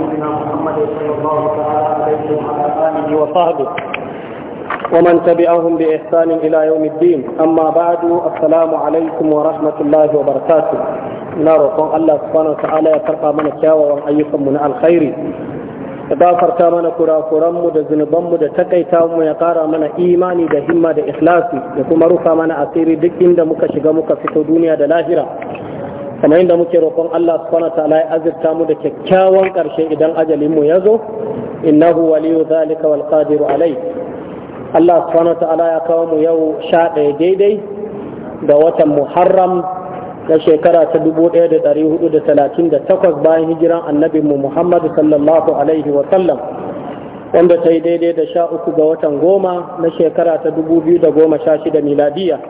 نبينا محمد صلى الله عليه وسلم وعلى اله وصحبه ومن تبعهم باحسان الى يوم الدين اما بعد السلام عليكم ورحمه الله وبركاته ina roƙon Allah subhanahu wa ta'ala ya karɓa mana kyawawan ayyukanmu na alkhairi ya gafarta mana kurakuranmu da zunubanmu da takaita mu ya ƙara mana imani da himma da ikhlasi ya kuma rufa mana asiri duk inda muka shiga muka fito duniya da lahira kamar yadda muke roƙon Allah subhanahu wa ta'ala ya azurta mu da kyakkyawan ƙarshe idan ajalin mu ya zo innahu waliyu zalika wal qadiru alai Allah subhanahu wa ta'ala ya kawo mu yau sha ɗaya daidai da watan Muharram na shekara ta 1438 bayan hijiran annabi mu Muhammad sallallahu alaihi wa sallam wanda ta yi daidai da sha uku ga watan goma na shekara ta 2016 miladiya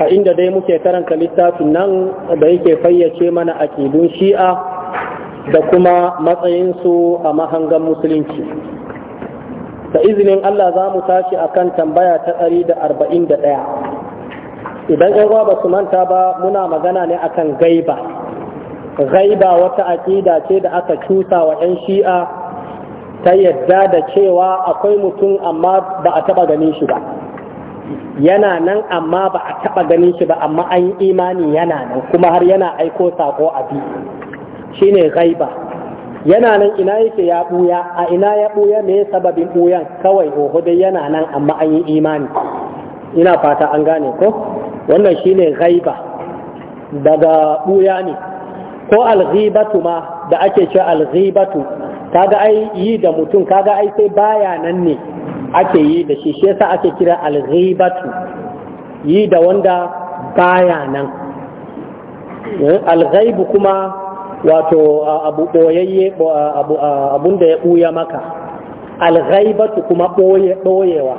a inda dai muke karanta littafin nan da yake fayyace mana akidun shi'a da kuma matsayinsu a mahangan musulunci da izinin Allah za mu tashi akan tambaya ta 141 idan yan ba su manta ba muna magana ne akan gaiba gaiba wata aƙida ce da aka cusa wa 'yan shi'a ta yadda da cewa akwai mutum amma ba a taɓa ganin shi ba yana nan amma ba a taɓa ganin shi ba amma an yi imani yana nan kuma har yana aiko sako a bi shine gaiba yana nan ina yake ya ɓuya a ina ya ɓuya me sababin ɓuyan kawai dai yana nan amma an yi imani ina fata an gane ko wannan shine gaiba daga ɓuya ne ko alghibatu ma da ake cewa alghibatu kaga ai yi da mutum kaga ai sai baya nan ne ake yi da shi shi ake kira alghibatu yi da wanda baya nan eh, alghaibu kuma wato abu boyayye abun da ya buya maka alghaibatu kuma boyewa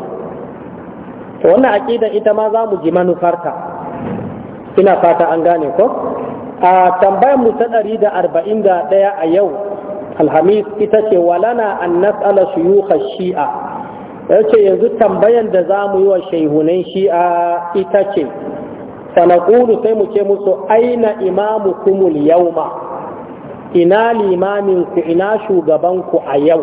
to wannan aqida ita ma za mu ji manufarta ina fata an gane ko a tambayar mu ta 141 a yau alhamis ita ce walana an nas'ala shuyukh shi'a yace yanzu tambayan da za mu yi wa shehunan shi'a ita ce sanaqulu sai mu ce musu aina imamukumul yauma ina ku ina shugabanku a yau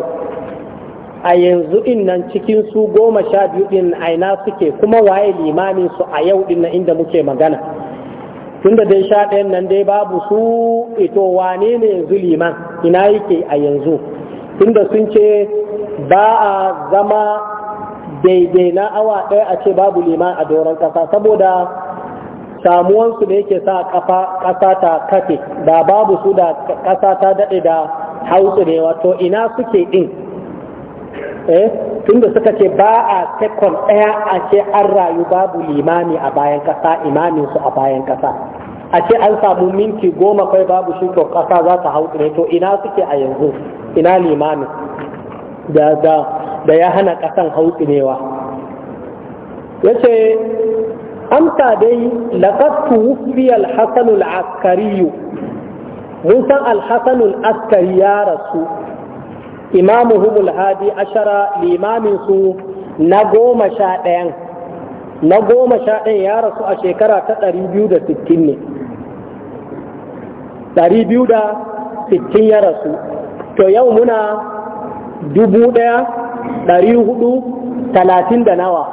a yanzu din nan cikin su goma sha biyu din aina suke kuma waye limamin su a yau din inda muke magana tun da dai sha ɗayan nan dai babu su ito wane ne yanzu liman ina yake a yanzu tun da sun ce ba a zama daidai na awa ɗaya a ce babu liman a doron ƙasa saboda samuwansu ne yake sa ƙasa ta kafe da babu su da ƙasa ta daɗe da hautsurewa to ina suke ɗin eh tunda suka ce ba a sekon ɗaya a ce an rayu babu limami a bayan ƙasa imaminsu a bayan ƙasa a ce an samu minti goma kai babu shi to ƙasa za ta ne to ina suke a yanzu ina limamin da da da ya hana ƙasan hautsinewa ya ce amsa dai laƙattu wufiyar hasanul askariyu mun san alhassanul askari ya rasu Hubul hadi ashara limaminsu na goma sha ɗayan na goma sha ɗayan ya rasu a shekara ta ɗari biyu da sittin ne ɗari biyu da sittin ya rasu to yau muna dubu ɗaya ɗari hudu talatin da nawa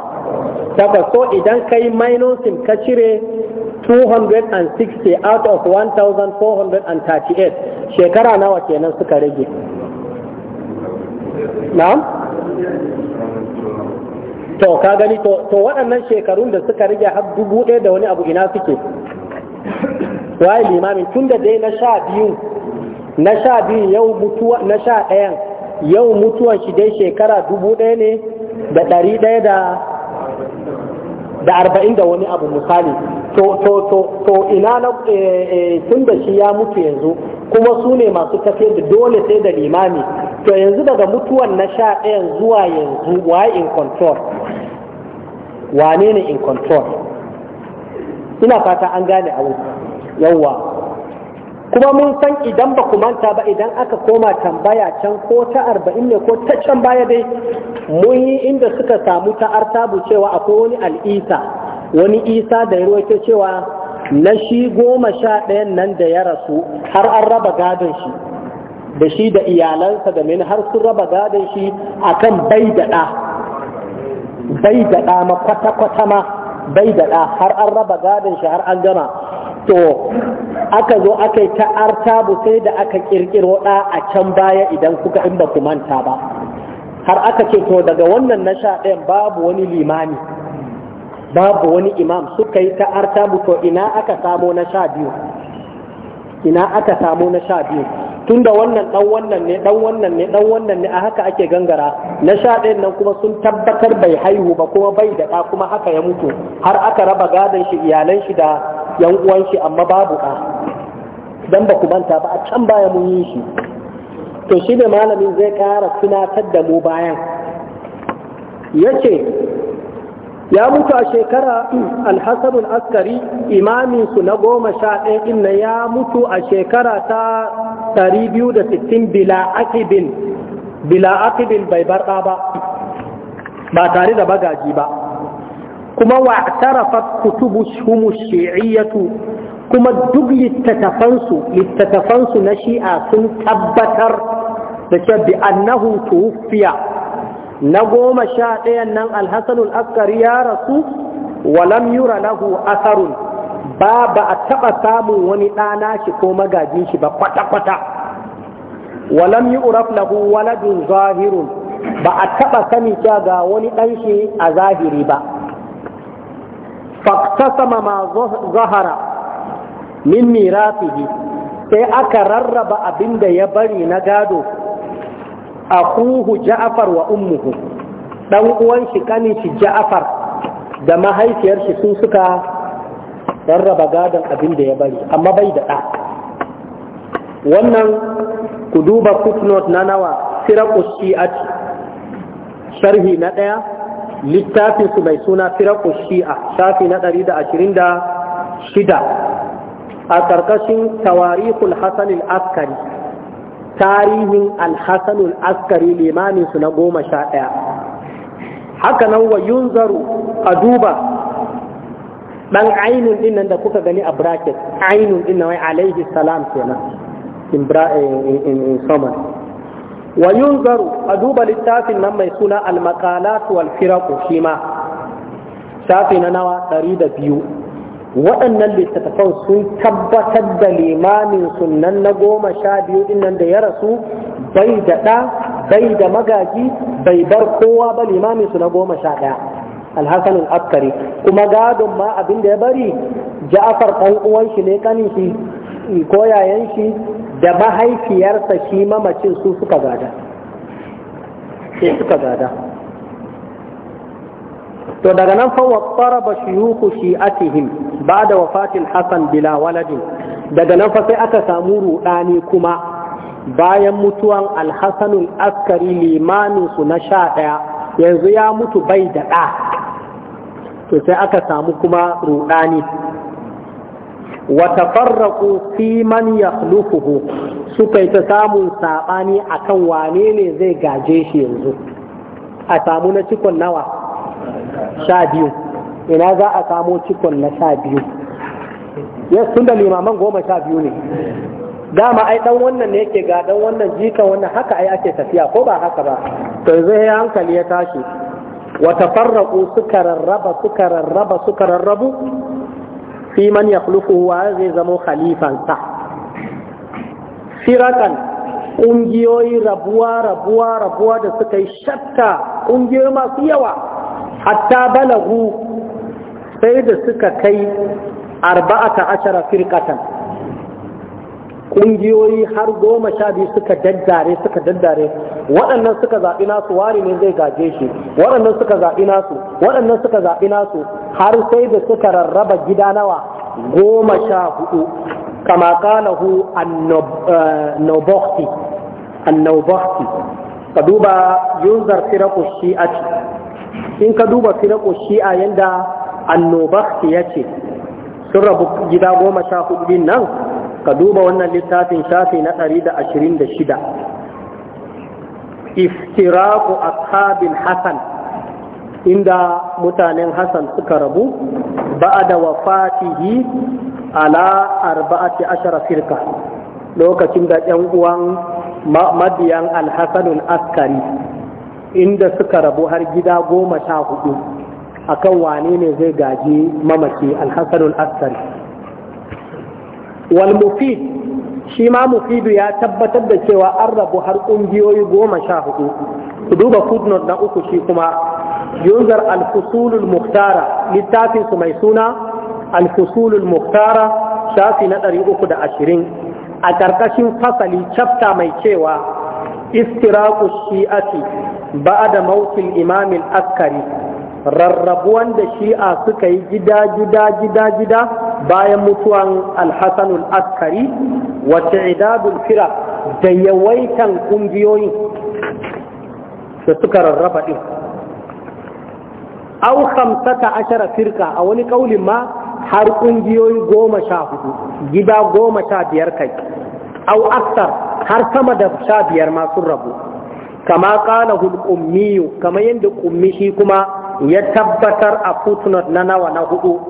daga so idan ka yi minusin ka cire 260 out of 1438 shekara nawa kenan suka rage na'am to ka gani to waɗannan shekarun da suka rage har dubu ɗaya da wani abu ina suke waye limamin tun da dai na sha biyu na sha biyu yau mutuwa na sha ɗayan yau mutuwan shi dai shekara dubu ɗaya ne da ɗari ɗaya da arba'in da wani abu misali to ina na eh, eh, tun da shi ya mutu yanzu kuma su ne masu tafiyar da dole sai da limami to yanzu daga mutuwan na sha ɗaya zuwa yanzu why in control wane ne in control ina fata an gane abu yawwa kuma mun san idan ba ku manta ba idan aka koma tambaya can ko ta arba'in ne ko ta can baya dai mun yi inda suka samu ta artabu cewa akwai wani al'isa wani isa da ya ruwaito cewa na shi goma sha ɗayan nan da ya rasu har an raba gadon shi da shi da iyalansa da mini har sun raba gadon shi akan bai da bai da ma kwata-kwata ma bai da har an raba gadon shi har an gama to aka zo aka yi ta artabu sai da aka kirkiro ɗa a can baya idan kuka in ba ku manta ba har aka ce to daga wannan na sha ɗayan babu wani limami babu wani imam suka yi ta artabu to ina aka samo na sha biyu ina aka samo na sha biyu da wannan dan wannan ne dan wannan ne dan wannan ne a haka ake gangara na sha ɗayan nan kuma sun tabbatar bai haihu ba kuma bai da ɗa kuma haka ya mutu har aka raba gadon shi iyalan shi da yan uwan shi amma babu ɗa dan ba ku manta ba a can baya mun yi shi to shi ne malamin zai ƙara tunatar da mu bayan yace ya mutu a shekara alhassanul askari imaminsu na goma sha ɗaya inna ya mutu a shekara ta 260 bila akibin bila akibin bai barɗa ba ba tare da bagaji ba kuma wa tarafat kutubu humu shi'iyyatu kuma duk littattafansu littattafansu na shi'a sun tabbatar da cewa bi annahu tuwfiya na goma sha ɗayan nan alhassanul askari ya rasu walam yura lahu asarun ba ba a taɓa samun wani ɗana shi ko magajin shi ba kwata-kwata walam yi uraf lahu waladun zahirun ba a taɓa sani cewa ga wani ɗan shi a zahiri ba faktasama ma zahara min mirafihi sai aka rarraba abin da ya bari na gado akuhu ja'afar wa ummuhu dan uwan shi kanin shi ja'afar da mahaifiyar shi sun suka rarraba gadon abinda ya bari amma bai da ɗa wannan ku duba footnote na nawa sirar shi'ati sharhi na ɗaya littafin su mai suna firaku shi'a shafi na 126 a ƙarƙashin tawarikul hasan askari tarihin al-hasan askari limamin su na goma sha ɗaya haka nan wa yunzaru a duba dan ainun din nan da kuka gani a bracket ainun din nan wai alaihi salam kenan in in wa yunzaru a duba littafin nan mai suna al-maqalat wal firaq shi ma shafi biyu. waɗannan littattafan sun tabbatar da limamin sunan na goma sha biyu dinnan da ya rasu bai da ɗa bai da magaji bai bar kowa ba limamin su na goma sha ɗaya alhassan al'askari kuma gadon ma abin da ya bari ja'afar ɗan uwan ne kanin shi ko yayan shi da mahaifiyarsa shi mamacin su suka gada sai suka gada to daga nan fawa tsara ba shiyuku shi'atihim ba da wafatin hassan bila waladin daga nan fa sai aka samu ruɗani kuma bayan mutuwan alhassanul askari limaninsu na sha ɗaya yanzu ya mutu bai da ɗa to sai aka samu kuma ruɗani watafarraku fi man yakhlufuhu suka yi ta samun saɓani a kan wane ne zai gaje shi yanzu a samu na cikon nawa sha biyu ina za a samu cikon na sha biyu yes tun da limaman goma sha biyu ne dama ai dan wannan ne yake ga dan wannan jika wannan haka ai ake tafiya ko ba haka ba to yanzu ya hankali ya tashi tafarraqu suka rarraba suka rarraba suka rarrabu fi man yakhluquhu wa zai zamo khalifansa firakan ƙungiyoyi rabuwa rabuwa rabuwa da suka yi shatta ƙungiyoyi masu yawa hatta balagu sai da suka kai arba'a ta ashara firkatan kungiyoyi har goma sha biyu suka daddare suka daddare waɗannan suka zaɓi nasu wari ne zai gaje shi waɗannan suka zaɓi nasu waɗannan suka zaɓi nasu har sai da suka rarraba gida nawa goma sha hudu kama kalahu annobokti eh, annobokti ka duba yunzar shi'a ce, in ka duba firako shi'a yanda annobokti ya ce sun rabu gida goma sha hudu nan ka duba wannan littafin shafi na 126 iftiraku ashabil Hassan, inda mutanen Hassan suka rabu ba'da wafatihi ala arba'ati ashara firka lokacin da yan uwan mabiyan alhassanun askari inda suka rabu har gida goma sha hudu akan wane ne zai gaji mamaci Alhassanun askari wal mufid shi ma mufidu ya tabbatar da cewa an rabu har ƙungiyoyi goma sha hudu ku duba footnote na uku shi kuma yunzar alfusulul Muktara Littafinsu su mai suna alfusulul Muktara shafi na ɗari uku da ashirin a ƙarƙashin fasali chapter mai cewa istiraku shi'ati da mautil imamil askari rarrabuwan da shi'a suka yi gida gida gida gida bayan mutuwan alhassanul askari wacce idadun fira da yawaitan ƙungiyoyin da suka rarraba ɗin au hamsata ashara firka a wani ƙaulin ma har ƙungiyoyi goma sha hudu gida goma sha biyar kai au aksar har sama da sha biyar ma rabu kama ƙala hulƙummiyu, kama yadda ƙummi shi kuma ya tabbatar a footnote na nawa na hudu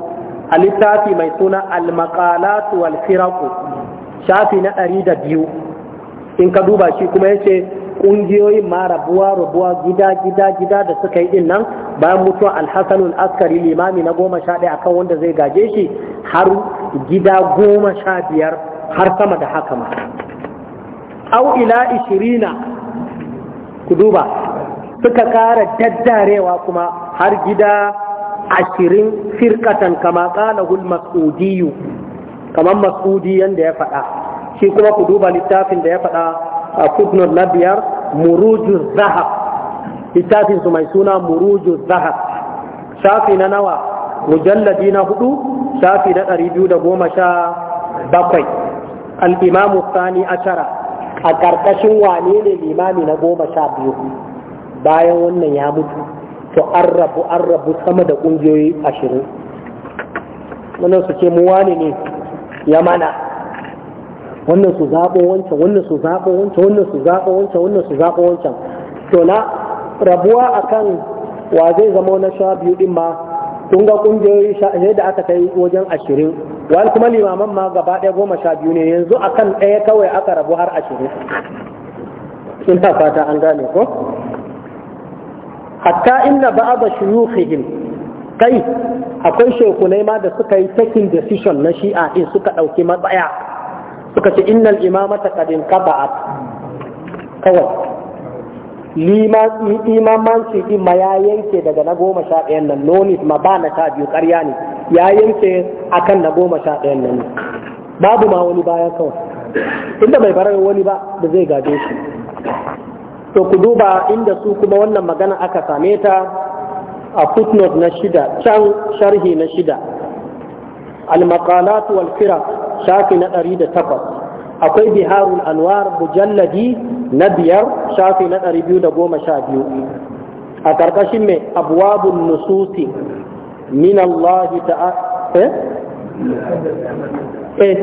a littafi mai suna al-maqalatu shafi na ɗari da biyu in ka duba shi kuma ya ce ƙungiyoyin ma rabuwa rabuwa gida gida gida da suka yi din nan bayan mutuwa alhassanul askari limami na goma sha ɗaya akan wanda zai gaje shi har gida goma sha biyar har sama da haka ma au ila ishirina ku duba suka ƙara daddarewa kuma har gida ashirin firkatan kama ƙalahul mas'udiyu kamar mas'udi yanda ya faɗa shi kuma ku duba littafin da ya faɗa a kudnar na biyar murujur zahab littafin su mai suna muruju zahab shafi na nawa mujalladi na hudu shafi na ɗari biyu da goma sha bakwai al'imamu sani ashara a ƙarƙashin wane ne limami na goma sha biyu bayan wannan ya mutu to an rabu an rabu sama da ƙungiyoyi ashirin wannan su ce mu wane ne ya mana wannan su zaɓo wancan wannan su zaɓo wancan wannan su zaɓo wancan wannan su zaɓo wancan to na rabuwa akan wa zai zama na sha biyu din ma tun ga ƙungiyoyi da aka kai wajen ashirin wani kuma limaman ma gaba ɗaya goma sha biyu ne yanzu akan ɗaya kawai aka rabu har ashirin in ta fata an gane ko hatta inna ba'da shuyukhihim kai akwai shekunai ma da suka yi taking decision na shi'a din suka ɗauki matsaya suka ce innal imamata qad inqata'at kawai shi din ma ya yanke daga na goma sha ɗayan nan noni ma ba na sha biyu ƙarya ne ya yanke akan na goma sha ɗayan nan babu ma wani bayan kawai inda bai bar wani ba da zai gaje shi to ku duba inda su kuma wannan magana aka same ta a footnote na shida can sharhi na shida al-maqalat wal firaq shafi na 108 akwai biharul anwar mujalladi na biyar shafi na 212 a karkashin mai abuwabun nususi min Allah ta'ala eh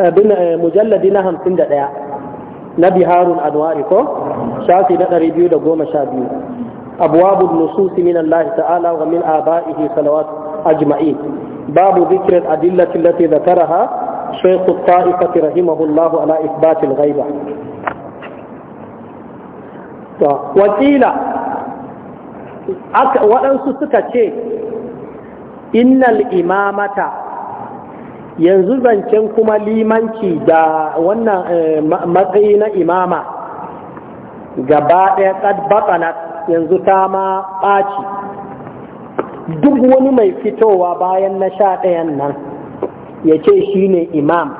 eh mujalladi na 51 na biharun anwari ko shafi na 212 abwabun nususi minan Allah ta'ala wa min abaihi salawat ajma'in babu dhikr al da allati dhakaraha sai ku taifah rahimahullah ala ithbat al wakila waɗansu suka ce innal imamata yanzu zancen kuma limanci da wannan eh, matsayi na imama gaba ɗaya tsad yanzu ta ma ɓaci duk wani mai fitowa bayan na sha ɗayan nan ya ce shi ne imam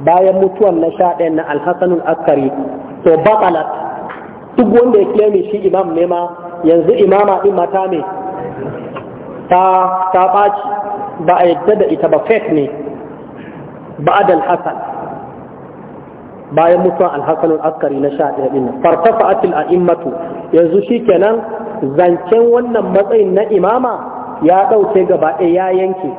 bayan mutuwan na sha ɗayan na alhassanul askari to baƙalat duk wanda ya kiyami shi imam ne ma yanzu imama ɗin mata ne ta ɓaci ba a yadda da ita ba fake ne ba'ad al bayan mutuwa al-hasan askari na sha ɗaya ɗin farfafa atil a'immatu yanzu shi shikenan zancen wannan matsayin na imama ya ɗauke gaba ɗaya ya yanke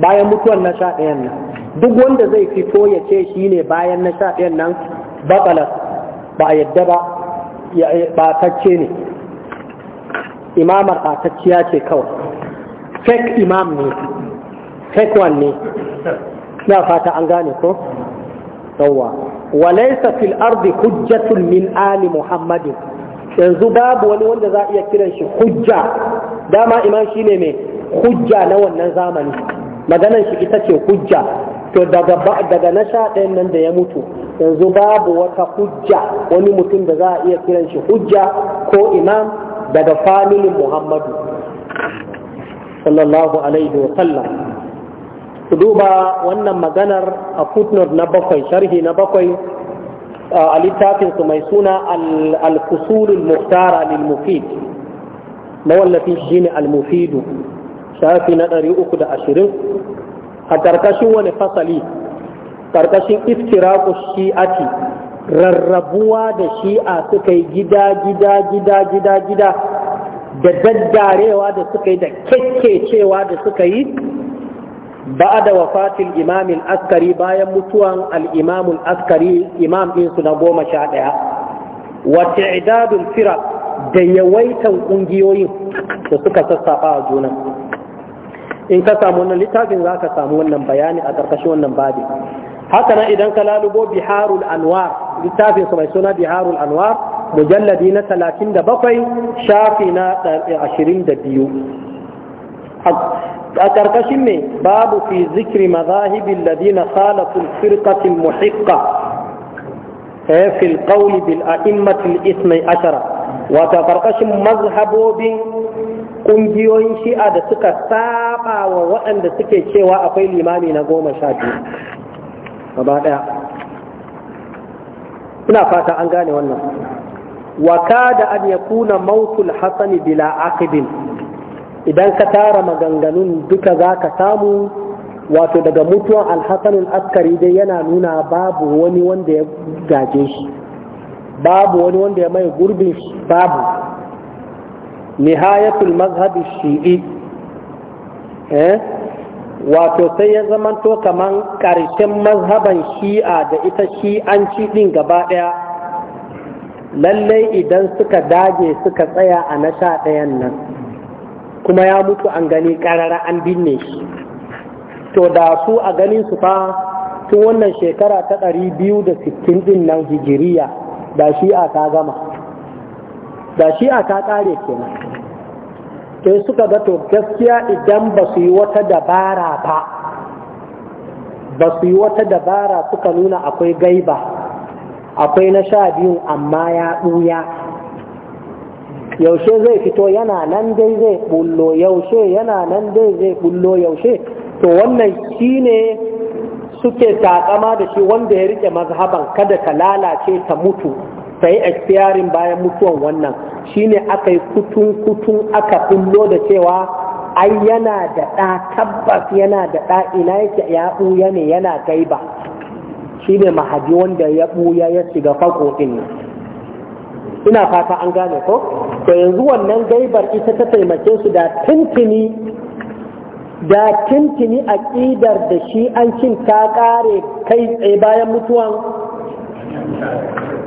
bayan mutuwan na sha ɗayan nan duk wanda zai fito ya ce shi ne bayan na sha ɗayan nan batsala ba a yadda ba ɓatacce ne imamar ɓatacciya ce kawai fake imam ne fake one ne na fata an gane ko yawa walaysa fil ardi hujjatun min ali muhammadin yanzu babu wani wanda za iya kiran shi hujja dama iman shine mai hujja na wannan zamani maganar shi ita ce hujja to daga daga na ɗayan nan da ya mutu yanzu babu wata hujja wani mutum da za a iya kiran shi hujja ko imam daga familin muhammadu sallallahu alaihi wa sallam ku duba wannan maganar a footnote na bakwai sharhi na bakwai a littafinsu mai suna al-fusulul muhtara lil mufid wallafin shi ne al-mufidu shafi na 320 a ƙarƙashin wani fasali ƙarƙashin iftiraku shi'ati rarrabuwa da shi'a suka yi gida gida gida gida gida da daddarewa da suka yi da kekkecewa da suka yi ba'da wafatil imam al-askari bayan mutuwan al-imam askari imam din na goma sha daya wa ta'dadul firaq da yawaitan kungiyoyin da suka sassafa a juna in ka samu wannan littafin za ka samu wannan bayani a ƙarƙashin wannan haka idan ka lalubo biharul anwar littafin mai suna biharul anwar mujalladi na 37 shafi na a karkashin me babu fi zikri mazahibin ladina khalaful firqatil muhiqqa eh fil qawli bil a'immatil ismai ashara wata karkashin mazhabobin ƙungiyoyin shi'a da suka saba wa waɗanda suke cewa akwai limami na goma sha biyu gaba ɗaya ina fata an gane wannan wa kada an yakuna mautul hasani bila aqibin idan ka tara maganganun duka za ka samu wato daga mutuwan alhassanin askari dai yana nuna babu wani wanda ya gaje shi babu wani wanda ya mai gurbin shi babu nihayatul mazhabi shi'i eh, wato sai ya zamanto kaman karshen mazhaban shi'a da ita shi'anci din gaba ɗaya lallai idan suka dage suka tsaya a na sha ɗayan nan kuma ya mutu an gani karara an binne shi to da su a ganin su fa tun wannan shekara ta ɗari biyu da sittin ɗin nan hijiriya da shi a ta gama da shi a ta ƙare kenan sai suka ga to gaskiya idan ba su yi wata dabara ba ba su yi wata dabara suka nuna akwai gaiba akwai na sha biyun amma ya ɗuya yaushe zai fito yana nan dai zai bullo yaushe yana nan dai zai bullo yaushe to wannan shi ne suke takama da shi wanda ya rike mazhaban kada ka lalace ta mutu ta yi expiring bayan mutuwan wannan shi ne aka yi kutun kutun aka bullo da cewa ai yana da ɗa tabbas yana da ɗa ina yake ya ɓuya ne yana gaiba shi ne mahadi wanda ya ɓuya ya shiga fako ɗin ina fata an gane ko to yanzu wannan gaibar ita ta taimake su da tintini da tintini aƙidar da shi an cin ta ƙare kai tsaye bayan mutuwan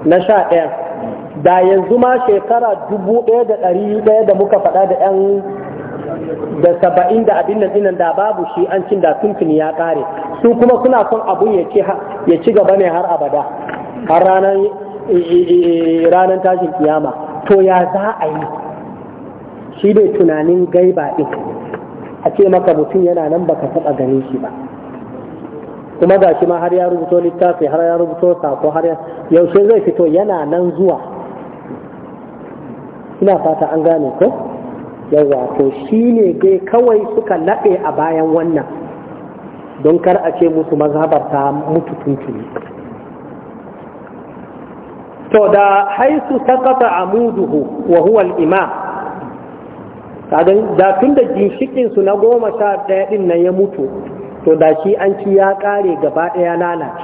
na sha ɗaya da yanzu ma shekara dubu ɗaya da ɗari ɗaya da muka faɗa da ɗan da saba'in da abin nan dinan da babu shi an cin da tuntuni ya ƙare su kuma suna son abun ya ci gaba ne har abada har ranar tashin kiyama to ya za a yi shi dai tunanin gaiba ɗin a ce maka mutum yana nan baka taɓa gani shi ba kuma ga shi ma har ya rubuto littafi har ya rubuto sako har ya yaushe zai fito yana nan zuwa ina fata an gane ko yawa to shi ne dai kawai suka laɓe a bayan wannan don kar a ce musu mazhabar ta mutu tuntuni to da haisu sakata amuduhu wa huwa al-imam da tun da ginshikin su na goma sha ɗaya din nan ya mutu to da shi an ci ya kare gaba ɗaya lalace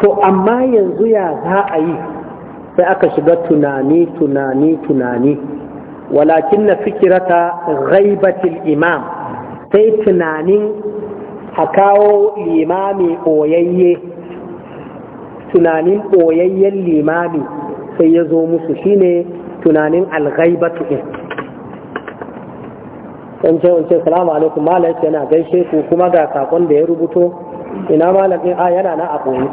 to amma yanzu ya za a yi sai aka shiga tunani tunani tunani walakin na fikirata ghaibatil imam sai tunanin a kawo limami oyayye tunanin ɓoyayyen limami sai ya zo musu shine tunanin alghaibatu in in ce in salamu alaikum malam yana gaishe ku kuma ga sakon da ya rubuto ina malam a yana na a koyi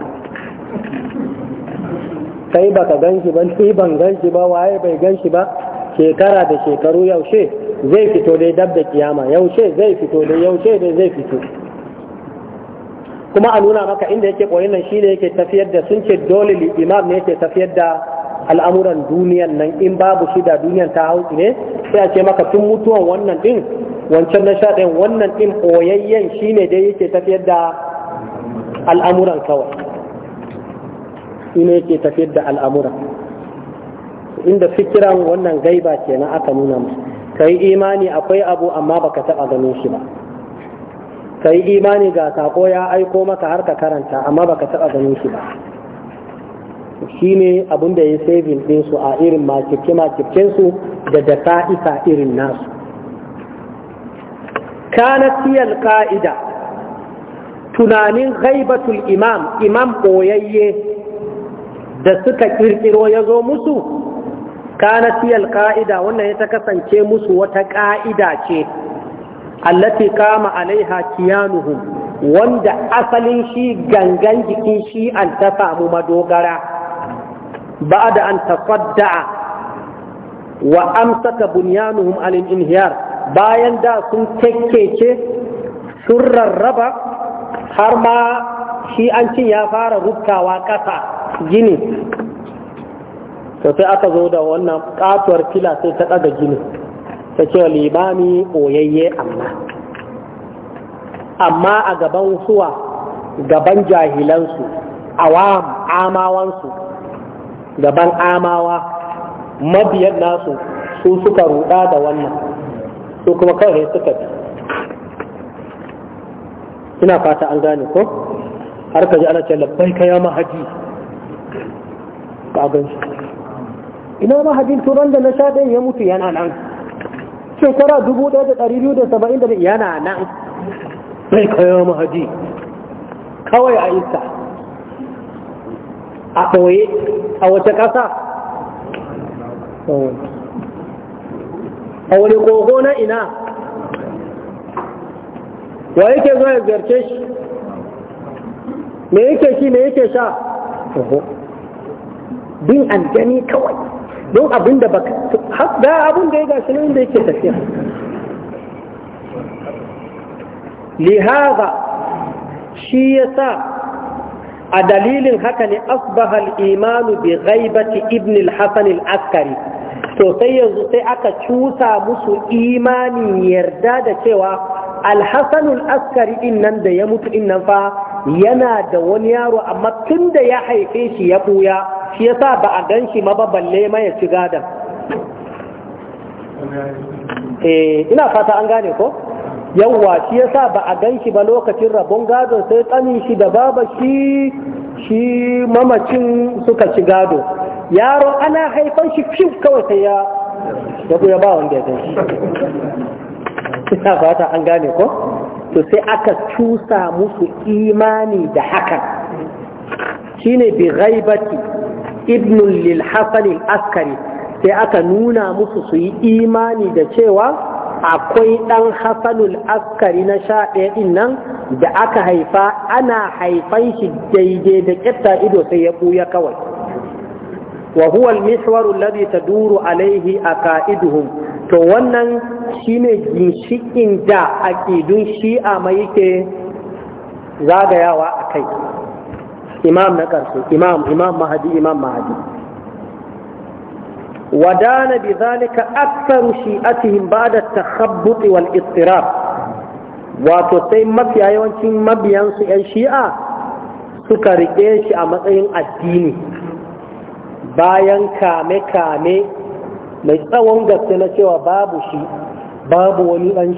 kai baka gan shi ba ni ban gan shi ba waye bai gan shi ba shekara da shekaru yaushe zai fito dai dab da kiyama yaushe zai fito dai yaushe dai zai fito kuma a nuna maka inda yake koyin nan shine yake tafiyar da sun ce dole imam ne yake tafiyar da al'amuran duniyan nan in babu shi da duniyan ta hau, ne sai a ce maka tun mutuwan wannan din wancan na shaɗin ɗayan wannan din koyayyen shine dai yake tafiyar da al'amuran kawai shine yake tafiyar da al'amuran inda fikiran wannan gaiba kenan aka nuna musu kai imani akwai abu amma baka taɓa ganin shi ba ka yi imani ga sako ya aiko maka har ka karanta amma baka taɓa ganin shi ba shi ne abin da ya saving ɗinsu a irin makirce su da da ka'ika irin nasu na siyar ka'ida tunanin ghaibatul imam imam ɓoyayye da suka kirkiro ya zo musu na siyar ka'ida wannan ya ta kasance musu wata ka'ida ce allati kama alaiha kiyanuhu, wanda asalin shi gangan jikin shi an ta samu madogara ba da an tafadda'a wa amsaka bunyanuhum alin inhiyar bayan da sun kekkece sun rarraba har ma shi an cin ya fara rubtawa ƙasa gini sosai aka zo da wannan katuwar fila sai ta ɗaga gini ta ce limami ɓoyayye amma amma a gaban suwa gaban jahilansu awam amawansu gaban amawa mabiyan nasu su suka ruda da wannan su kuma kawai suka bi ina fata an gane ko har ka ji ana ce labbai ka ya mahaji ka gan shi ina mahajin turan da na sha ya mutu yana nan shekara dubu ɗaya da ɗari biyu da saba'in da yana nan Mai kayo mahaji kawai a isa. a ɓoye a wace ƙasa a wani kogo na ina wa yake zo ya ziyarce shi me yake shi me yake sha bin gani kawai don abin da ba da abin da ya gashi nan da yake tafiya lihaza shi ya sa a dalilin haka ne asbaha al-imanu bi ghaibati ibn al-hasan al-askari to sai yanzu sai aka cusa musu imani yarda da cewa al alhassanul askari din nan da ya mutu din nan fa yana da wani yaro amma tun da ya haife shi ya buya shi ya sa ba a gan shi mababalle ma ya ci gadon eh, ina fata an gane ko yawwa shi ya sa ba a gan shi ba lokacin rabon gado sai tsanin shi da baba shi shi mamacin suka ci gado yaro ana haifan shi fiw kawai sai ya ya ba wanda ya shi ina fata an gane ko to sai aka cusa musu imani da hakan ne bi ghaibati ibnul lil askari sai aka nuna musu su yi imani da cewa akwai ɗan hasanul askari na sha ɗaya din nan da aka haifa ana haifan shi daidai da ƙetta ido sai ya ɓuya kawai wa huwa al-mihwar alladhi taduru alayhi aqaiduhum to wannan shine ginshikin da aqidun shi'a mai yake zagayawa akai imam na ƙarshe imam imam mahadi imam mahadi wadana bi zalika aktsaru shi'atihim ba'da takhabbut wal istirab wato sai mafiya yawancin mabiyan su yan shi'a suka rike shi a matsayin addini bayan kame kame mai tsawon gaske na cewa babu shi babu wani dan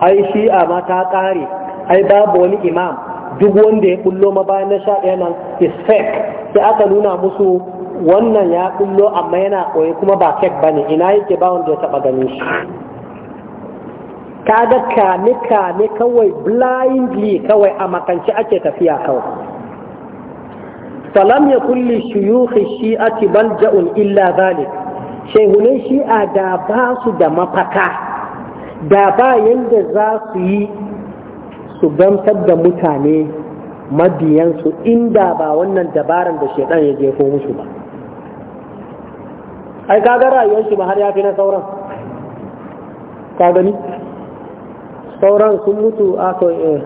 ai shi'a ma ta kare ai babu wani imam duk wanda ya kullo ma bayan na sha ɗaya nan is fake sai aka nuna musu wannan ya kullo amma yana koyi kuma ba fake ba ne ina yake ba wanda ya taɓa ganin shi kaga kame kame kawai blindly kawai a makance ake tafiya kawai falam ya kulli shuyukhi shi'ati balja'un illa zalik shehunan shi'a da ba su da mafaka da ba yanda za su yi su gamsar da mutane mabiyansu inda ba wannan dabaran da shaidan ya jefo musu ba ai kaga rayuwar shi ba har ya fi na sauran ka gani sauran sun mutu a kawai eh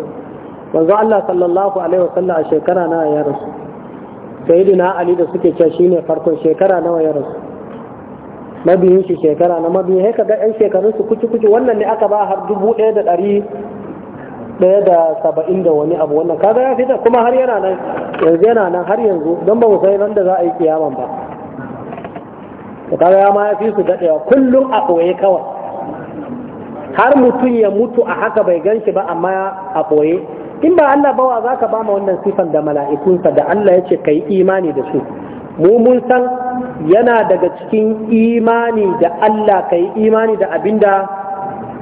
manzo Allah sallallahu alaihi wasallam a shekara na ya rasu sayyidina Ali da suke cewa shine farkon shekara nawa ya rasu mabiyin shi shekara na mabiyin haka ga yan shekarun su kuci kuci wannan ne aka ba har dubu ɗaya da ɗari ɗaya da saba'in da wani abu wannan kaga ya fita kuma har yana nan yanzu yana nan har yanzu don ba mu sai nan da za a yi kiyaman ba Da kaga ya ma ya fi su daɗewa kullum a ɓoye kawai har mutum ya mutu a haka bai gan shi ba amma a ɓoye in ba Allah bawa za ka ba ma wannan sifan da mala'ikunsa da Allah ya ce ka yi imani da su mu mun san yana daga cikin imani da Allah ka yi imani da abinda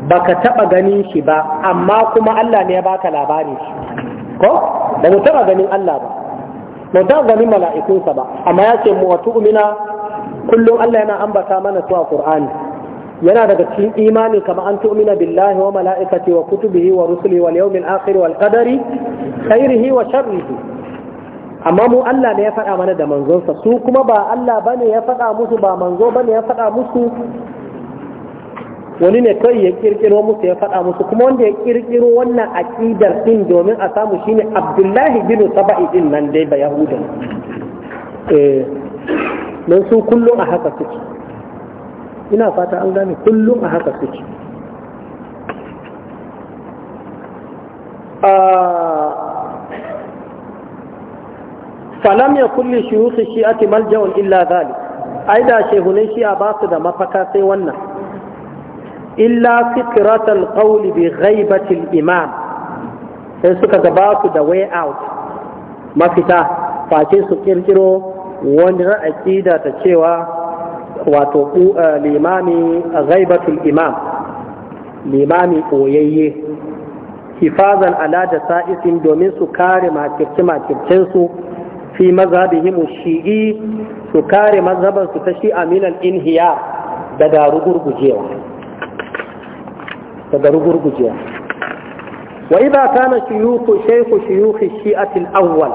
baka taba ganin shi ba amma kuma Allah ne ya baka labarin shi ko da mu ganin Allah ba mu taɓa ganin mala'ikunsa ba amma ya ce mu wa tu'mina kullum Allah yana ambata mana su a Qur'ani yana daga cikin imani kama an tu'mina billahi wa mala'ikati wa kutubihi wa rusuli wal yawmil akhir wal qadari khairihi wa sharrihi amma mu Allah ne ya faɗa mana da manzonsa su kuma ba Allah bane ya faɗa musu ba manzo bane ya faɗa musu wani ne kai ya kirkiro musu ya faɗa musu kuma wanda ya kirkiro wannan aqidar din domin a samu shine abdullahi bin saba'i din nan dai ba yahuda eh don su kullum a haka suke ina fata an gane kullum a haka suke ah, falam ya kulli shuyukh shi'ati malja'un illa dhalik aida shehunan shi'a ba su da mafaka sai wannan illa fikratal qawli bi ghaibatil imam sai suka gaba su da way out mafita face su kirkiro wani ra'aƙida ta cewa wato limami ghaibatul imam limami koyayye hifazan ala da sa'isin domin su kare makirci makircinsu fi mazhabihim shi'i su kare su ta shi'a minal inhiya daga rugurgujewa daga rugurgujewa wa iza kana shuyukhu shaykhu shuyukhi shi'ati al-awwal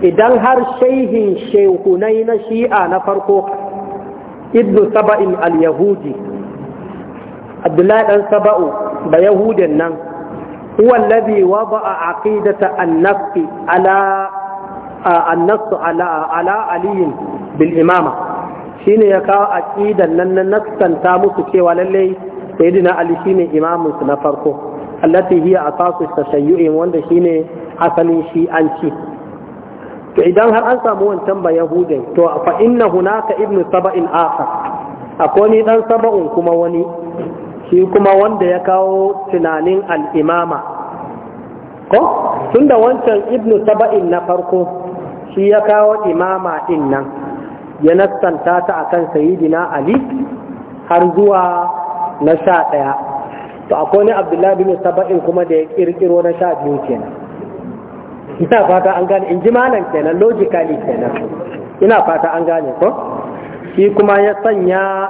idan har shaihin shehunai na shi'a na farko ibnu saba'in al-yahudi abdullahi dan saba'u da yahudin nan huwa alladhi wada'a aqidata an-nafs ala an-nafs ala ala aliyin bil imama shine ya kawo aqidan nan na nassanta musu cewa lallai sayyidina ali shine imamun su na farko allati hiya asasu tashayyu'in wanda shine asalin shi'anci to idan har an samu wancan ba yahudin to fa inna hunaka ibnu saba'in akhar akwai ni dan saba'un kuma wani shi kuma wanda ya kawo tunanin al'imama ko tunda wancan ibnu saba'in na farko shi ya kawo imama din nan ya nassanta ta akan sayidina ali har zuwa na sha ɗaya to akwai ni abdullahi bin saba'in kuma da ya ƙirƙiro na sha biyu kenan ina fata an gane in ji malam kenan logically kenan ina fata an gane ko shi kuma ya sanya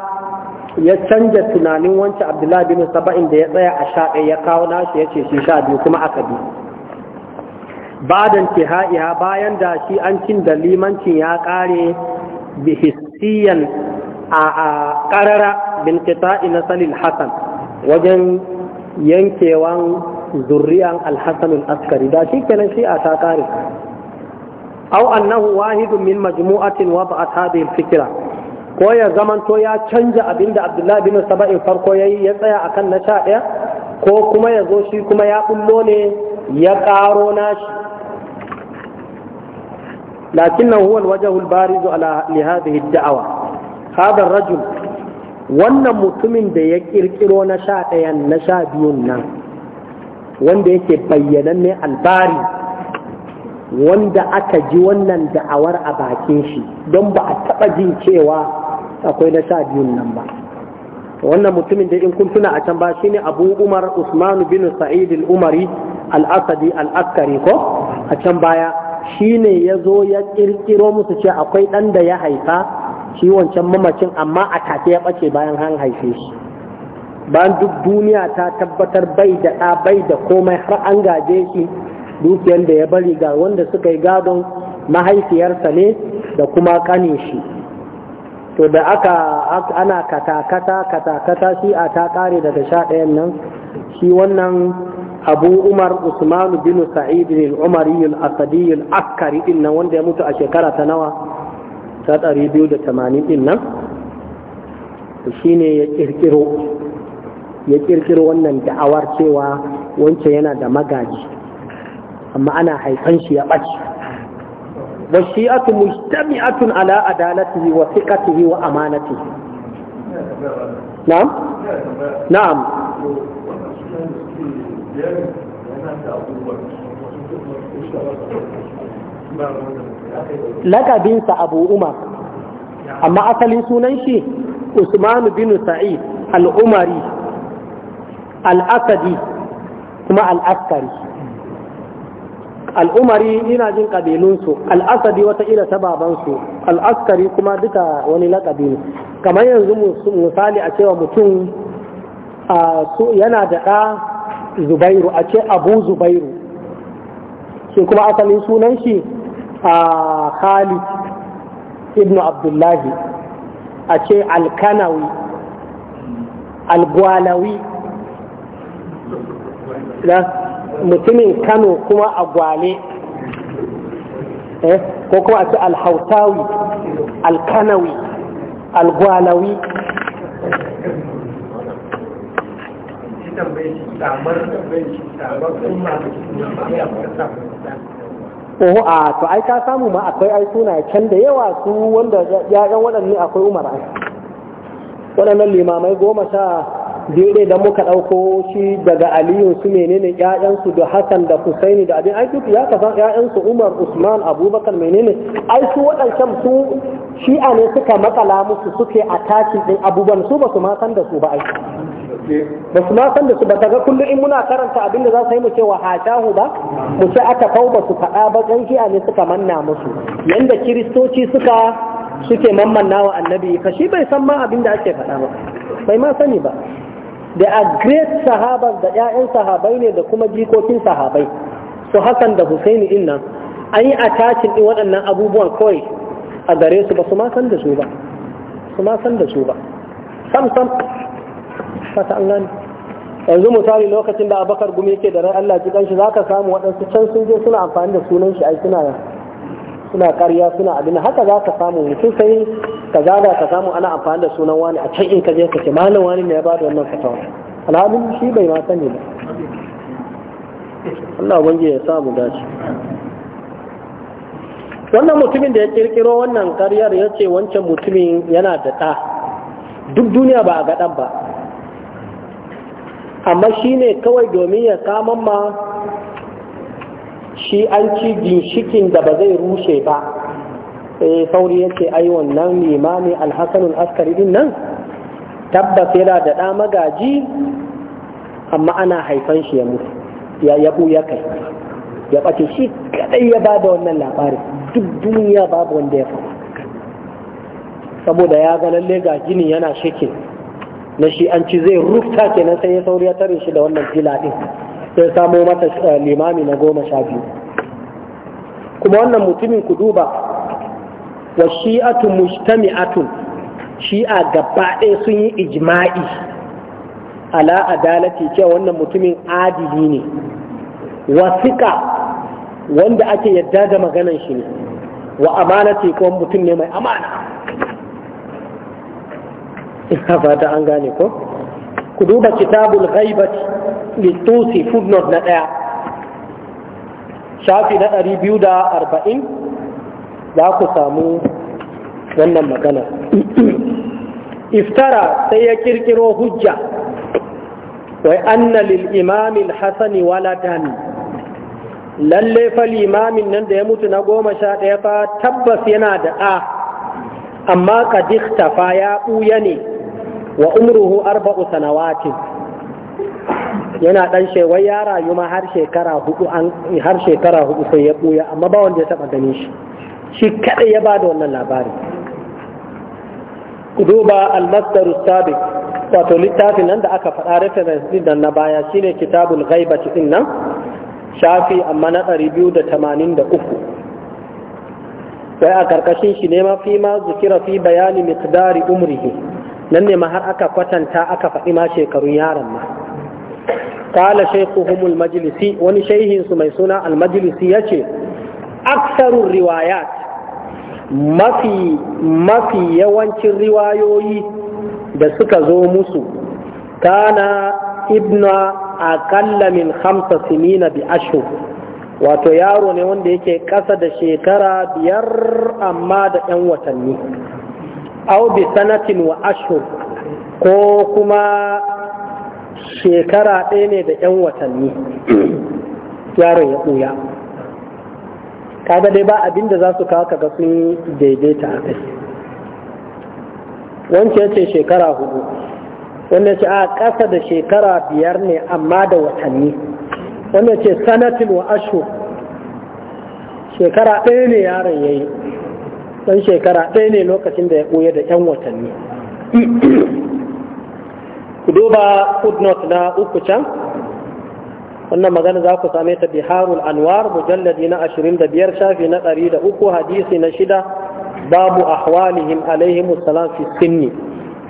ya canja tunanin wancan abdullahi bin saba'in da ya tsaya a sha ɗaya ya kawo nashi ya ce shi sha biyu kuma aka bi badan tihaiha bayan da shi an cin da limancin ya ƙare bihisiyan a ƙarara bilkita na salil hasan wajen yankewan zurriyan alhassan askari da shi kenan shi a ta au annahu wahidun min majmu'atin wa ba hadhihi fikira ko ya zamanto ya canja abinda abdullahi bin saba'in farko yayi ya tsaya akan na sha ɗaya ko kuma ya zo shi kuma ya bullo ne ya ƙaro nashi lakinnahu huwa alwajhu barizu ala li hadhihi ad-da'wa hadar rajul wannan mutumin da ya kirkiro na sha ɗayan na sha biyun nan wanda yake bayyananne albari wanda aka ji wannan da'awar a bakin shi don ba a taɓa jin cewa akwai na sha biyun nan ba wannan mutumin da in kun tuna a can ba shine abu umar usman bin sa'id al-umari al-asadi al-askari ko a can baya shine ya zo ya kirkiro musu ce akwai ɗan da ya haifa shi can mamacin amma a take ya ɓace bayan an haife shi bayan duk duniya ta tabbatar bai da ɗa bai da komai har an gaje shi dukiyar da ya bari ga wanda suka yi gadon mahaifiyarsa ne da kuma kane shi to da aka ana katakata katakata shi a ta kare daga sha ɗayan nan shi wannan abu umar usmanu bin sa'id al al al-akkari din nan wanda ya mutu a shekara ta nawa ta ɗari biyu da tamanin ɗin nan shi ne ya ƙirƙiro wannan da'awar cewa wance yana da magaji amma ana haifan shi ya ɓace wa shi'atu mujtami'atun ala adalatihi wa thiqatihi wa amanatihi na'am na'am Thank lakabinsa abu umar amma asalin sunan shi usman bin sa'id al-umari al-asadi kuma al-askari al-umari ina jin kabilunsu al-asadi wata ila ta babansu al-askari kuma duka wani lakabi ne kamar yanzu misali a cewa mutum yana da ɗa zubairu a ce abu zubairu shi kuma asalin sunan shi a Khalid ibn Abdullahi a ce alkanawi algwalawi mutumin Kano kuma a gwale eh, ko kuma a ce alhautawi alkanawi algwalawi tambaye shi samar tambaye shi samar kuma ya oho a to ai ka samu ma akwai ai suna can da yawa su wanda ya waɗanne akwai umar ai waɗannan limamai goma sha daidai da muka ɗauko shi daga aliyu su menene ƴaƴansu da hasan da husaini da abin aiki ya kasa ƴaƴansu umar usman abubakar menene ai su waɗancan su shi'a ne suka matsala musu suke a tashi ɗin abubuwan su ba su ma san da su ba ai ba su ma san da su ba ta ga kullum in muna karanta abin da za su yi mu ce wa hashahu ba mu ce aka kau ba su faɗa ba ɗan shi'a ne suka manna musu yanda kiristoci suka suke mammanna wa annabi ka shi bai san ma abin da ake faɗa ba bai ma sani ba da a great sahabas da 'ya'yan sahabai ne da kuma jikokin sahabai su hasan da husaini din nan an yi attachin din waɗannan abubuwan kawai a gare su ba su ma san da su ba su ma san da su ba sam sam fata an gani yanzu misali lokacin da abakar gumi yake da ran Allah jikan shi zaka samu waɗansu can sun je suna amfani da sunan shi ai suna suna ƙarya suna abin haka zaka samu mutum sai ka zaga ka samu ana amfani da sunan wani a can in ka je ka ce malam wani ne ya bada wannan fatawa alhalin shi bai ma sani ba Allah wange ya samu dace wannan mutumin da ya kirkiro wannan karyar ya ce wancan mutumin yana da ta duk duniya ba a gaɗan ba amma shi ne kawai domin ya saman ma shi an ci ginshikin da ba zai rushe ba sai eh, sauri yake ai wannan limami alhassan askari din nan tabbas yana da ɗa magaji amma ana haifan shi ya mutu ya yabu ya kai ya ɓace shi kadai ya ba da wannan labari duk duniya babu wanda ya faɗa saboda ya ga lalle ga jini yana shekin na shi an ci zai rufta kenan sai ya sauri ya tare shi da wannan fila din sai samo mata eh, limami na goma sha biyu kuma wannan mutumin ku duba wa shi'atu mujtami'atun shi'a gaba ɗaya sun yi ijma'i ala adalati cewa wannan mutumin adili ne wasiƙa wanda ake yadda da maganan shi ne wa ce ko mutum ne mai amana ina fata an gane ko ku duba kitabul ghaibati litusi footnote na ɗaya shafi na ɗari biyu da arba'in za ku samu wannan magana iftara sai ya kirkiro hujja wai anna lil imamil hasani lallai lalle fa limamin nan da ya mutu na goma sha ɗaya fa tabbas yana da a amma kadikta fa ya ɓuya ne wa umruhu arba'u sanawatin yana ɗan shewai ya rayu ma har shekara hudu sai ya ɓuya amma ba wanda ya taɓa gani shi shi kaɗai ya ba da wannan labari ku duba almasdar sabiq wato littafin nan da aka faɗa reference din nan na baya shine kitabul ghaibati din nan shafi amma na 283 sai a karkashin shi ne ma fi ma zukira fi bayani miqdari umrihi nan ne ma har aka kwatanta aka faɗi ma shekarun yaron ma qala shaykhuhum al-majlisi wani shaihinsu mai suna al-majlisi yace aktharur riwayat mafi mafi yawancin riwayoyi da suka zo musu kana ibna akalla min hamsa sinina bi ashu wato yaro ne wanda yake kasa da shekara biyar amma da 'yan watanni au bi sanatin wa ashu ko kuma shekara ɗaya ne da 'yan watanni yaron ya ɓuya kaga dai ba abin da za su kawo kaga sun daidaita a kai wancan ce shekara hudu wanda ce a ƙasa da shekara biyar ne amma da watanni wanda ce sanatin wa ashu shekara ɗaya ne yaron ya yi ɗan shekara ɗaya ne lokacin da ya ɓoye da 'yan watanni ku duba footnote na uku can wannan magana za ku same ta biharul anwar mujalladi na da biyar shafi na da uku hadisi na shida babu ahwalihim alaihim salam fi sinni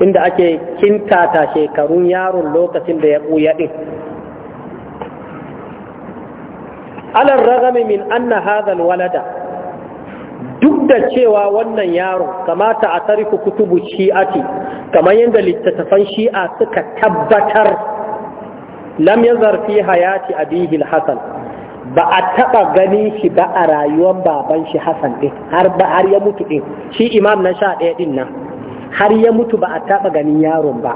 inda ake kintata shekarun yaron lokacin da ya buya din alal ragami min anna hadha walada duk da cewa wannan yaro kamata a tariku kutubu shi'ati kamar yadda littattafan shi'a suka tabbatar lam ya fi hayati abihi al-hasan ba a taba gani shi ba a rayuwar baban shi hasan din har ba har ya mutu din shi imam na sha daya din nan har ya mutu ba a taba ganin yaron ba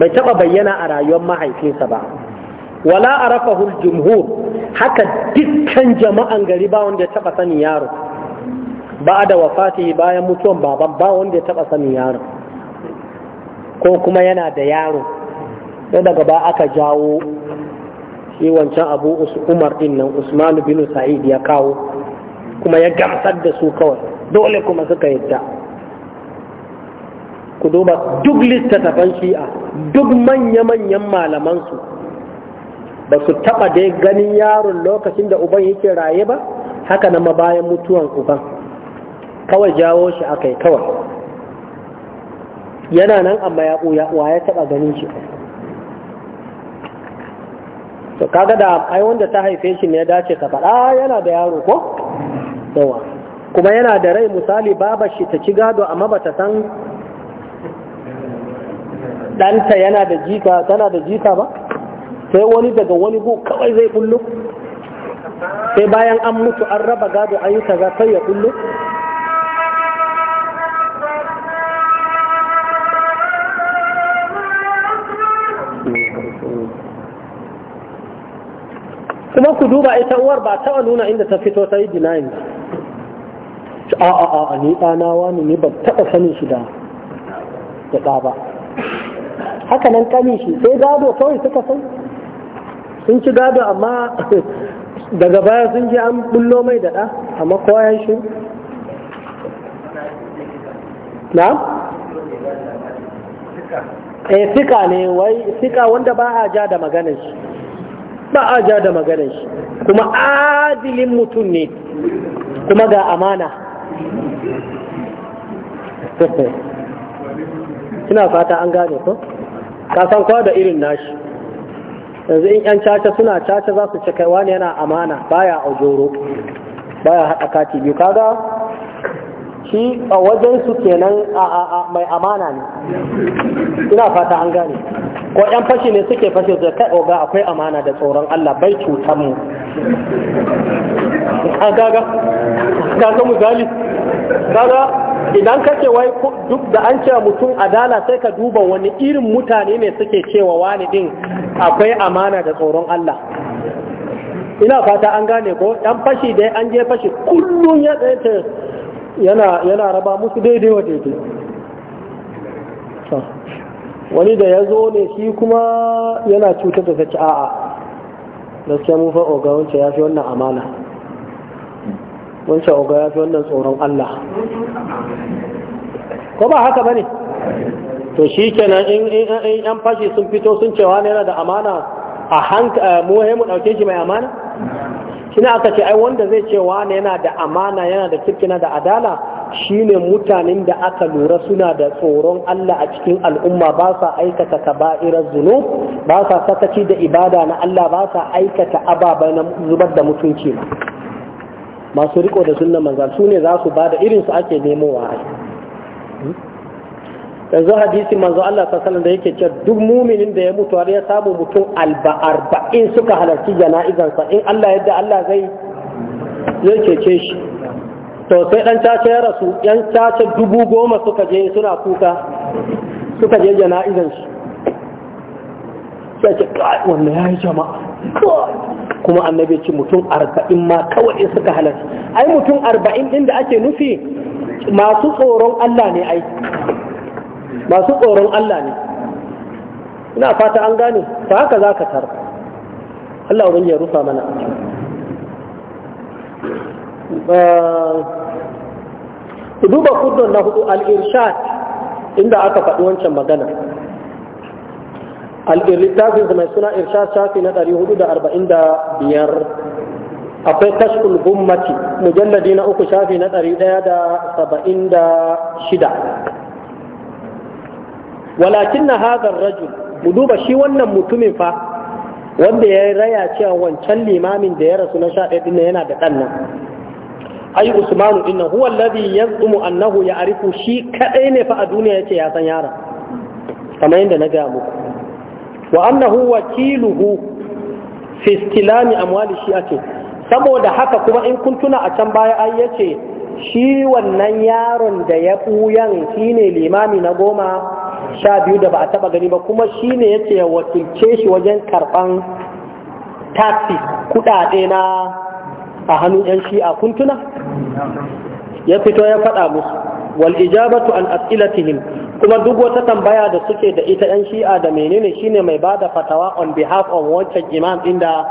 bai taba bayyana a rayuwar mahaifinsa ba wala arafahu al-jumhur haka dukkan jama'an gari ba wanda ya taba sanin yaron ba da wafati bayan mutuwan baban ba wanda ya taba sanin yaron ko kuma yana da yaro sai daga ba aka jawo shi wancan abu umar din nan usman bin sa'id ya kawo kuma ya gamsar da su kawai dole kuma suka yadda ku duba duk littattafan shi'a duk manya-manyan malamansu ba su taɓa dai ganin yaron lokacin da uban yake raye ba haka na mabayan mutuwan uban kawai jawo shi aka yi kawai yana nan amma ya ya taɓa ganin shi to kaga da ai wanda ta haife shi ne ya dace ka faɗa ah, yana da yaro ko yawa kuma yana da rai misali baba shi ta ci gado amma ba ta san ɗanta yana da jika tana da jika ba sai wani daga wani gu kawai zai kullu sai bayan an mutu an raba gado ayyuka yi ta ya kullu kuma ku duba ita uwar ba taɓa nuna inda ta fito ta yi dinayin a a a ni ɗana wani ne ba taɓa sanin shi da da ɗa ba haka nan shi sai gado kawai suka san sun ci gado amma daga baya sun ji an bullo mai da ɗa amma kowa ya shi na? eh sika ne wai sika wanda ba a ja da maganar shi ba a da maganar shi kuma adilin mutum ne kuma ga amana Suna fata an gane ko ka san kwa da irin nashi yanzu in yan caca suna caca za su ce kai wani yana amana baya ojoro baya haɗa kati biyu kaga shi a wajen su kenan mai amana ne ina fata an gane ko yan fashi ne suke fashe da kai oga akwai amana da tsoron Allah bai cutar mu kaga kaga misali kaga idan ka ce wai duk da an ce mutum adala sai ka duba wani irin mutane ne suke cewa wani din akwai amana da tsoron Allah ina fata an gane ko yan fashi dai an je fashi kullum ya tsaye yana raba musu daidai wa daidai wani da ya zo ne shi kuma yana cutar da sace a'a gaskiya mun fa oga wancan ya fi wannan amana wancan oga ya fi wannan tsoron Allah ko ba haka ba ne to shi kenan in yan fashi sun fito sun cewa ne yana da amana a hankali eh, mu mu ɗauke shi mai amana ina aka ce ai wanda zai ce wani yana da amana yana da kirkina da adala shine mutanen da aka lura suna da tsoron Allah a cikin al'umma ba sa aikata kaba'irar zunub ba sa sakaci da ibada na Allah ba sa aikata ababa na zubar da mutunci masu riko da sunan manzan su ne za su ba da irin su ake nemowa ai hmm? yanzu hadisi manzo Allah sallan da yake cewa duk muminin da ya mutu har ya samu mutum alba arba'in suka halarci jana'izansa in Allah yadda Allah zai zai cece shi to sai dan caca ya rasu yan caca dubu goma suka je suna kuka suka je jana'izan shi sai ce kai wannan yayi jama'a kuma annabi ce mutum arba'in ma kawai in suka halarci ai mutum arba'in din da ake nufi masu tsoron Allah ne ai masu tsoron Allah ne ina fata an gane ta haka za ka tar Allah wani ya rufa mana duba kudin na hudu al-irshad inda aka faɗi wancan magana al-irlittafin mai suna irshad shafi na 445 akwai kashful gummati mujalladi na uku shafi na ɗari ɗaya da saba'in da shida walakin na hadar rajul mu duba shi wannan mutumin fa wanda ya raya cewa wancan limamin da ya rasu na sha ɗaya ɗin yana da ɗan nan ai usmanu inna huwa alladhi yazumu annahu ya'rifu shi kadai ne fa a duniya yace ya san yaron kamar yadda na ga muku wa annahu wakiluhu fi istilami amwali ake. saboda haka kuma in kun tuna a can baya ai yace shi wannan yaron da ya buyan shine limami na goma sha biyu da ba a taba gani ba kuma shi ne ya ce wakilce shi wajen karɓan taxi kudade na a hannun yan shi'a kuntuna ya fito ya faɗa musu wal ijabatu an as'ilatihim kuma duk wata tambaya da suke da ita yan shi'a da menene shine mai bada fatawa on behalf of wancan imam inda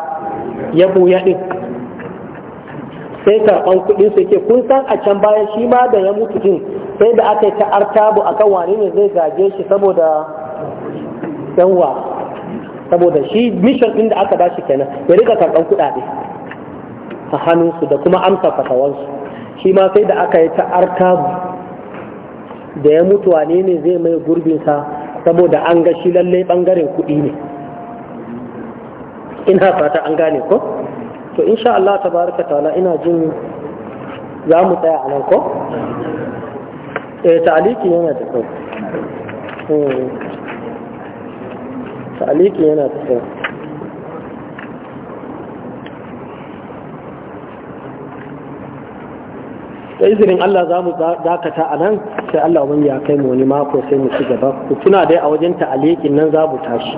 ya buya din sai karɓan kuɗin su ke kun san a can baya shi ma da ya mutu din sai da aka yi ta artabu akan wane ne zai gaje shi saboda yanwa saboda shi mission ɗin da aka ba shi kenan ya rika karɓan kuɗaɗe a hannunsu da kuma amsa fatawansu shi ma sai da aka yi ta artabu da ya mutu wane ne zai mai gurbinsa saboda an ga shi lallai ɓangaren kuɗi ne ina fata an gane ko to insha Allah tabaraka ta'ala ina jin za mu tsaya a nan ko eh ta'aliki yana da kyau hmm. ta'aliki yana da kai da izinin Allah za mu dakata a nan sai Allah wani ya kai mu wani mako sai mu ci gaba ku tuna dai a wajen ta'alikin nan za mu tashi